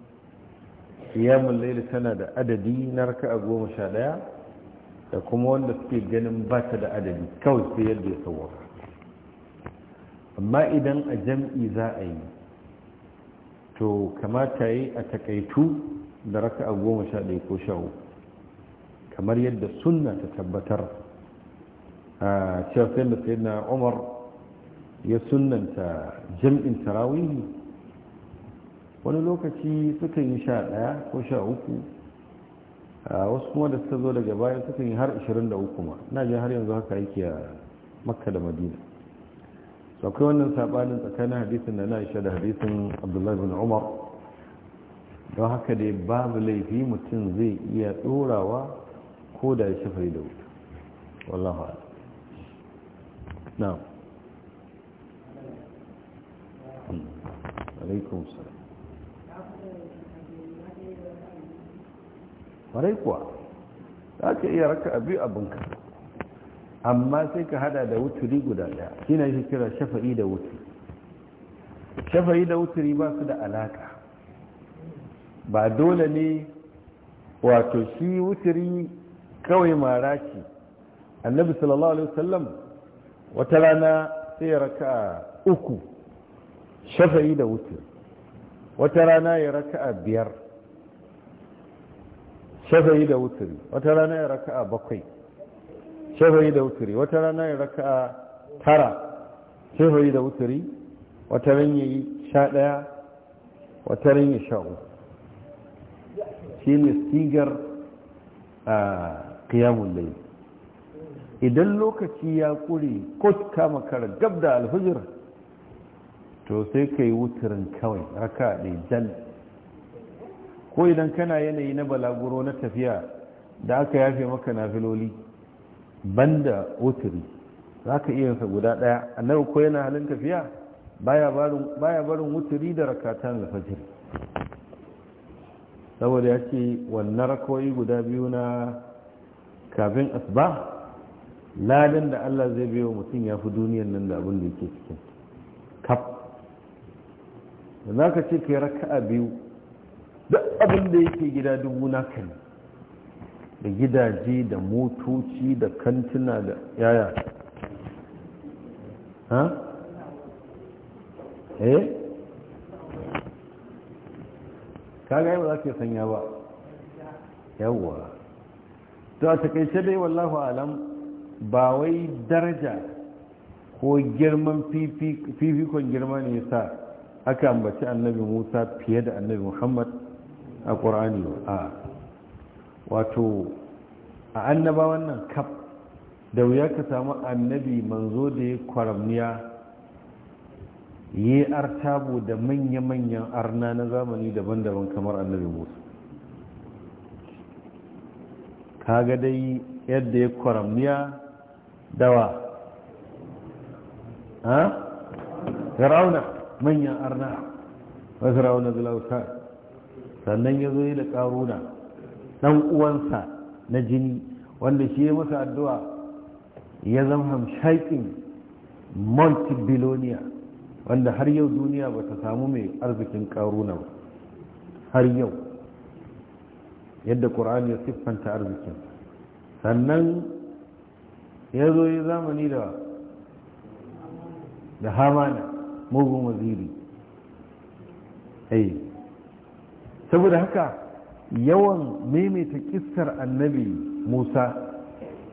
kiyamun laili tana da adadi na raka'a goma sha ɗaya da kuma wanda suke ganin ba ta da adadi kawai sai yadda ya sauwaka amma idan a jam'i za a yi to kamata yi a takaitu da raka'a goma sha ɗaya ko sha kamar yadda sunna ta tabbatar a cewa sai da sai na umar ya sunanta jam'in tarawihi wani lokaci sukan yi sha ɗaya ko sha uku a wasu kuma da suka zo daga baya sukan yi har 23 ma na ji har yanzu haka yake a makka da madina akwai wannan sabanin tsakanin hadisin da na isha da hadisin abdullahi bin umar don haka dai babu laifi mutum zai iya ɗorawa ko da ya shafari da wuta wallahu ala na alaikum salam kwarai kuwa za ka iya raka abu abinka amma sai ka hada da wuturi guda daya shi na shi kira shafa'i da wuturi shafa'i da wuturi ba su da alaka ba dole ne wato shi wuturi kawai mara ce annabi sallallahu alaihi wasallam wata rana sai raka uku shafa'i da wuturi wata rana ya raka biyar shafayi da wuturi wata rana ya raka'a bakwai shafayi da wuturi wata rana ya raka'a tara shafayi da wuturi wata ran yi sha ɗaya wata ran ya sha uku shi ne sigar a kiyamun lai idan lokaci ya kure ko kama kara gab da alfijir to sai ka yi wuturin kawai raka ɗai jan. ko idan kana yanayi na balaguro na tafiya da aka yafe maka nafiloli banda wuturi za ka iya yansa guda ɗaya annabi ko yana halin tafiya baya barin wuturi da rakatan da fajir saboda ya ce wannan rakawai guda biyu na kafin asba ladan da Allah zai biyo mutum ya fi duniyan nan da abin da yake cikin kaf da za ka ce ka yi raka'a biyu duk abin da yake gida dubu naka ne da gidaje da motoci da kantuna da yaya ha? eh? kaga yau za ke sanya ba yawwa to a takaice dai wallahu alam ba wai daraja ko girman fifikon girma ne ya sa aka ambaci annabi musa fiye da annabi muhammad a ƙorani a wato a annaba wannan kaf da wuya ka samu annabi manzo da ya kwaramniya ya yi artabo da manya-manyan arna na zamani daban-daban kamar annabi musu kaga dai yadda ya kwaramniya dawa ha? rauna manyan arna wasu rauna zulautar sannan ya zo yi da ƙaruna ɗan uwansa na jini wanda shi ya masa addu'a ya zama hamshakin multibillionaire wanda har yau duniya ba ta samu mai arzikin ƙaruna ba har yau yadda ƙur'ani ya siffanta arzikin sannan ya zo yi zamani da da hamana mugun waziri eh, saboda haka yawan maimaita kistar annabi musa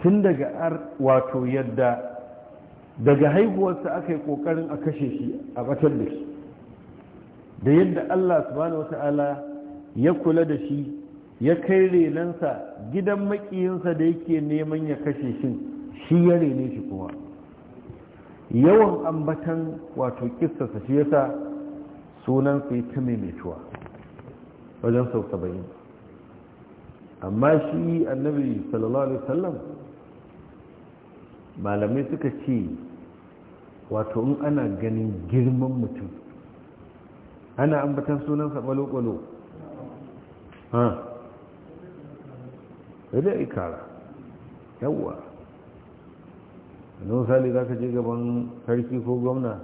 tun daga wato yadda daga haihuwarsa aka yi kokarin a kashe shi a batar da shi da yadda allah subhanahu wata'ala ya kula da shi ya kai renansa gidan makiyinsa da yake neman ya kashe shi shi ya rene shi kuma yawan ambatan wato kistarsa shi yasa sunan sai ta maimaituwa wajen sau saba'in amma shi annabi sallallahu alaihi wasallam malamai suka ce wato in ana ganin girman mutum ana ambatan sunansa kwalo-kwalo ha da ikara yawwa don misali za ka je gaban sarki ko gwamna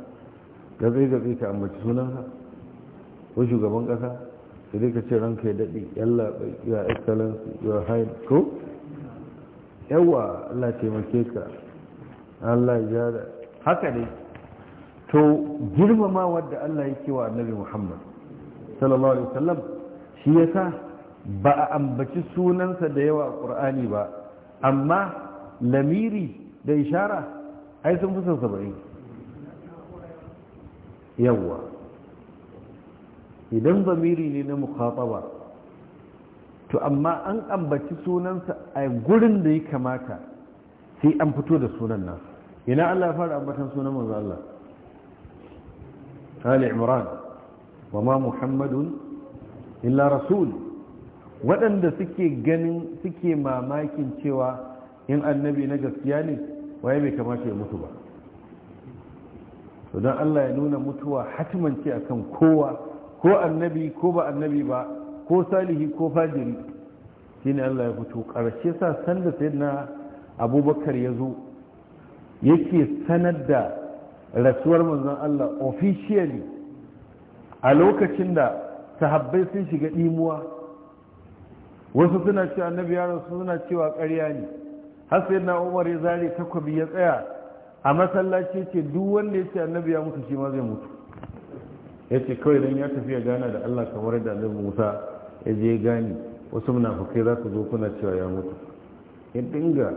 gatsai-gatsai ka ambaci sunansa ko shugaban ƙasa sai ka ce ranka ya daɗi yalla ya excellence your high ko yawa Allah taimake ka Allah ya da haka ne to girmama wadda Allah yake wa annabi Muhammad sallallahu alaihi wasallam shi yasa ba a ambaci sunansa da yawa a Qur'ani ba amma lamiri da ishara ai sun fi saba'in yawa idan zamiri ne na mukhataba to amma an ambaci sunansa a gurin da ya kamata sai an fito da sunan nan ina Allah ya fara ambatan sunan manzo Allah Ali Imran wa ma Muhammadun illa rasul waɗanda suke ganin suke mamakin cewa in annabi na gaskiya ne waye bai kamata ya mutu ba to don Allah ya nuna mutuwa hatimance akan kowa ko annabi ko ba annabi ba ko salihi ko fajiri shine Allah ya fito karshe sa sanda na abubakar ya zo yake sanar da rasuwar manzon Allah officially a lokacin da sahabbai sun shiga ɗimuwa. wasu suna cewa annabi ya rasu suna cewa ƙarya ne har sai na umar ya zare takwabi ya tsaya a masallaci ce duk wanda ya ce annabi ya mutu shi ma zai mutu ya ce kawai don ya tafiya gana da allah kamar da annabi musa ya je gani wasu munafukai za su zo kuna cewa ya mutu ya dinga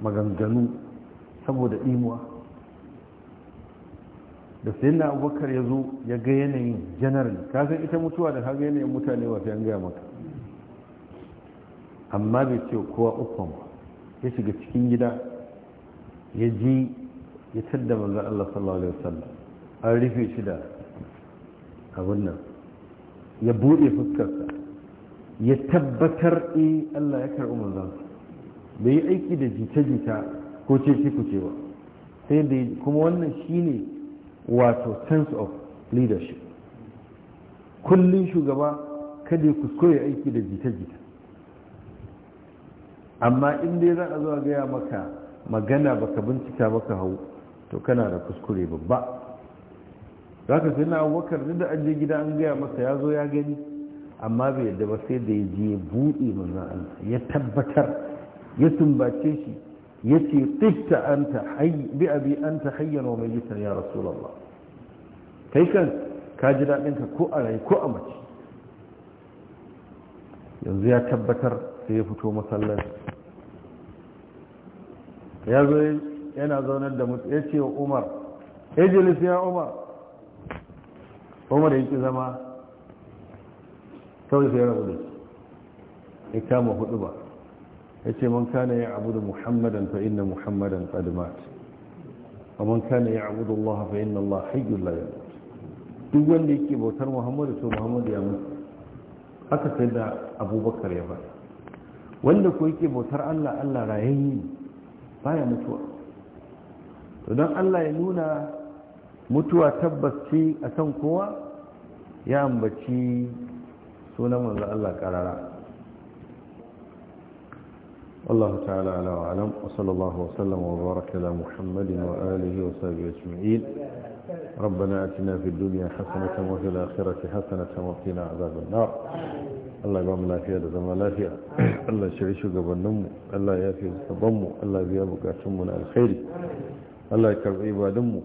maganganu saboda imuwa da sai na abubakar ya zo ya ga yanayin janar ka san ita mutuwa da haka yanayin mutane wasu sai gaya maka amma bai ce kowa uffan ya shiga cikin gida ya ji ya tadda manzan Allah sallallahu alaihi wasallam an rufe shida. abin nan ya buɗe fuskarsa ya tabbatar e Allah ya karɓi manzansa bai yi aiki da jita-jita ko ce shi ku cewa sai da kuma wannan shine wato sense of leadership kullum shugaba kada ya kuskure aiki da jita-jita amma in dai za a zo a gaya maka magana baka bincika baka hau to kana da kuskure babba za ka sai na abubakar da an je gida an gaya masa ya zo ya gani amma bai yadda ba sai da ya je ya buɗe manzan Allah ya tabbatar ya sumbace shi ya ce ta anta bi abi ta hayyan wa mayyitan ya rasulallah. kai kan ka ji daɗin ka ko a rai ko a mace yanzu ya tabbatar sai ya fito masallaci ya zo yana zaunar da mutu ya ce wa umar ejilis ya umar umar ya ƙi zama kawai sai rabu da shi ya kama hudu ba ya ce man kana ya abu da muhammadan fa inna muhammadan qadimat wa man kana ya abu da allaha fa inna allaha hayyul la yamut duk wanda yake bautar muhammadu to muhammadu ya mutu haka sai da abubakar ya ba wanda ko yake bautar allah allah rayayye ba baya mutuwa to don allah ya nuna mutuwa tabbas ce a kan kowa ya ambaci sunan manzo Allah karara wa تعالى على وعلم wa الله وسلم وبارك على محمد وآله وصحبه أجمعين ربنا أتنا في الدنيا حسنة وفي الآخرة حسنة وقنا عذاب النار Allah ba lafiya da zama lafiya Allah shiri shugabanninmu Allah ya fi sabanmu Allah biya bukatunmu na alkhairi Allah ya karɓi ibadunmu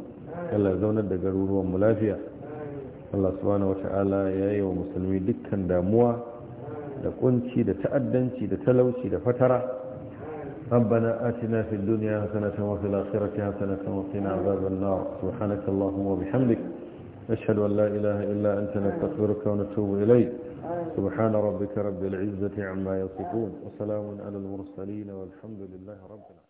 Allah zaunar da garuruwan mu lafiya Allah subhanahu wata'ala ya yi wa musulmi dukkan damuwa da kunci da ta'addanci da talauci da fatara ربنا آتنا في الدنيا حسنة وفي الآخرة حسنة وقنا عذاب النار سبحانك اللهم وبحمدك نشهد أن لا إله إلا أنت نستغفرك ونتوب إليك سبحان ربك رب العزة عما يصفون وسلام على المرسلين والحمد لله رب العالمين